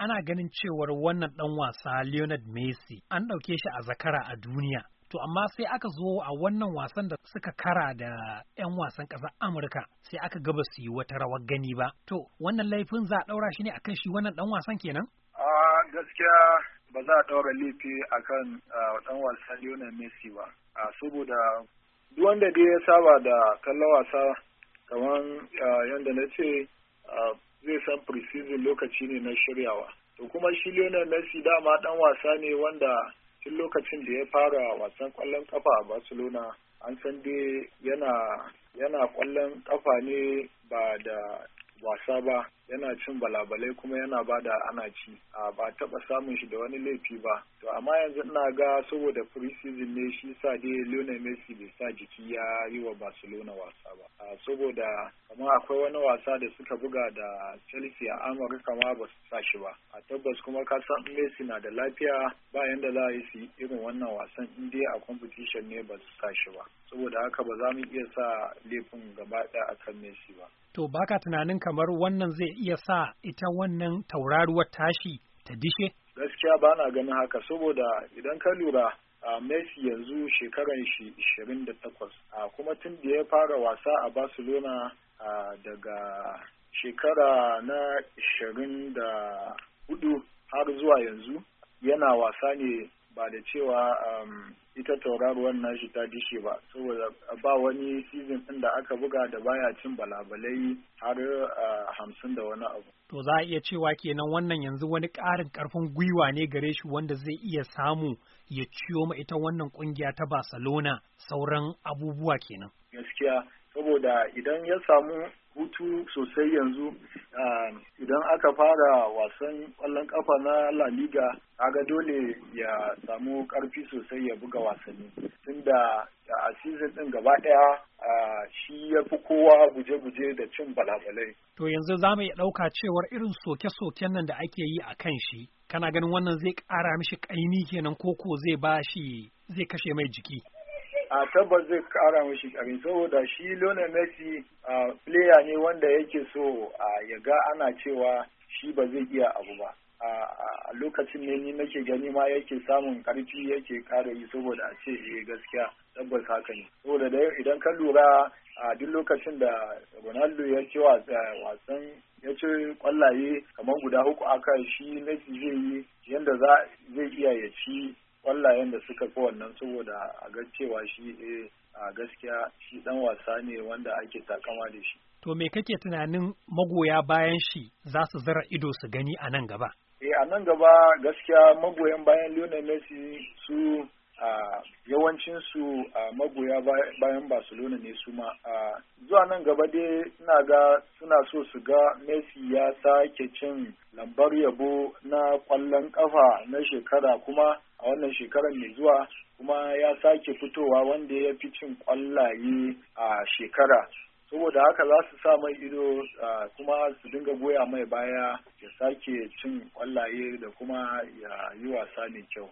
ana ganin cewar wannan ɗan wasa Leonard Messi an ɗauke shi a zakara a duniya. To amma sai aka zo a wannan wasan da suka kara da 'yan wasan ƙasar Amurka sai aka gaba su yi wata rawar gani ba. To wannan laifin za a ɗaura shi ne akan shi wannan ɗan wasan kenan? A gaskiya ba za a ɗaura laifi akan ɗan wasa Lionel Messi ba. A saboda duk wanda dai ya saba da kallon wasa kamar yadda na ce san preseason lokaci ne na shiryawa to kuma shi Lionel Messi dama dan wasa ne wanda tun lokacin da ya fara wasan kwallon kafa a Barcelona an san dai yana yana kwallon kafa ne ba da wasa ba yana cin balabalai kuma yana ba da ana ci a ba taba samun shi da wani laifi ba to amma yanzu ina ga saboda preseason ne shi sa dai Lionel Messi bai sa jiki ya yi wa Barcelona wasa ba saboda kamar akwai wani wasa da suka buga da Chelsea a Amurka ma ba su sa shi ba a tabbas kuma ka san Messi na da lafiya ba yanda za a yi irin wannan wasan in dai a competition ne ba su sa shi ba saboda haka ba za mu iya sa laifin gaba ɗaya akan Messi ba to baka tunanin kamar wannan zai iya sa ita wannan tauraruwar tashi ta dishe? Gaskiya ba na ganin haka saboda idan ka lura a Messi yanzu shekaran shi 28 a kuma tun da ya fara wasa a Barcelona daga shekara na 24 har zuwa yanzu yana wasa ne ba da cewa um, ita tauraruwar nashi ta dishe ba saboda ba wani season ɗin da aka buga da baya cin balabalai har uh, hamsin da wani abu. To za a iya cewa kenan wannan yanzu wani ƙarin ƙarfin gwiwa ne gare shi wanda zai iya samu ya ciyo ma ita wannan ƙungiya ta Barcelona sauran abubuwa kenan. Gaskiya saboda idan ya samu hutu sosai yanzu Um, idan aka fara wasan ƙwallon ƙafa na La Liga kaga dole ya samu karfi sosai ya buga wasanni tunda a season ɗin gaba ɗaya shi ya fi kowa guje-guje da cin balabalai. To yanzu za mu iya ɗauka cewar irin soke-soken nan da ake yi a kan shi, kana ganin wannan zai ƙara mishi ƙaimi kenan koko zai ba shi zai kashe mai jiki. a tabbas zai kara mishi karin saboda shi Lionel Messi a player ne wanda yake so ya ga ana cewa shi ba zai iya abu ba a lokacin ne ni nake gani ma yake samun karfi yake kara yi saboda a ce eh gaskiya tabbas haka ne saboda da idan ka lura a duk lokacin da Ronaldo ya ce wasan ya ce kwallaye kamar guda uku aka shi Messi zai yi yanda zai iya ya ci kwallayen da suka fi wannan saboda a ga cewa shi eh, a gaskiya shi dan wasa ne wanda ake takama da shi. To me kake tunanin magoya bayan shi za su zara ido su gani a nan gaba? Eh a nan gaba gaskiya magoyan bayan Lionel Messi su yawancin yawancinsu magoya bayan barcelona ne su ma zuwa nan gaba dai ina ga suna so su ga messi ya sake cin lambar yabo na kwallon kafa na shekara kuma a wannan shekarar mai zuwa kuma ya sake fitowa wanda ya fi cin kwallaye a shekara saboda haka za su sa mai ido kuma su dinga goya mai baya ya sake cin kwallaye da kuma ya yi wasa mai kyau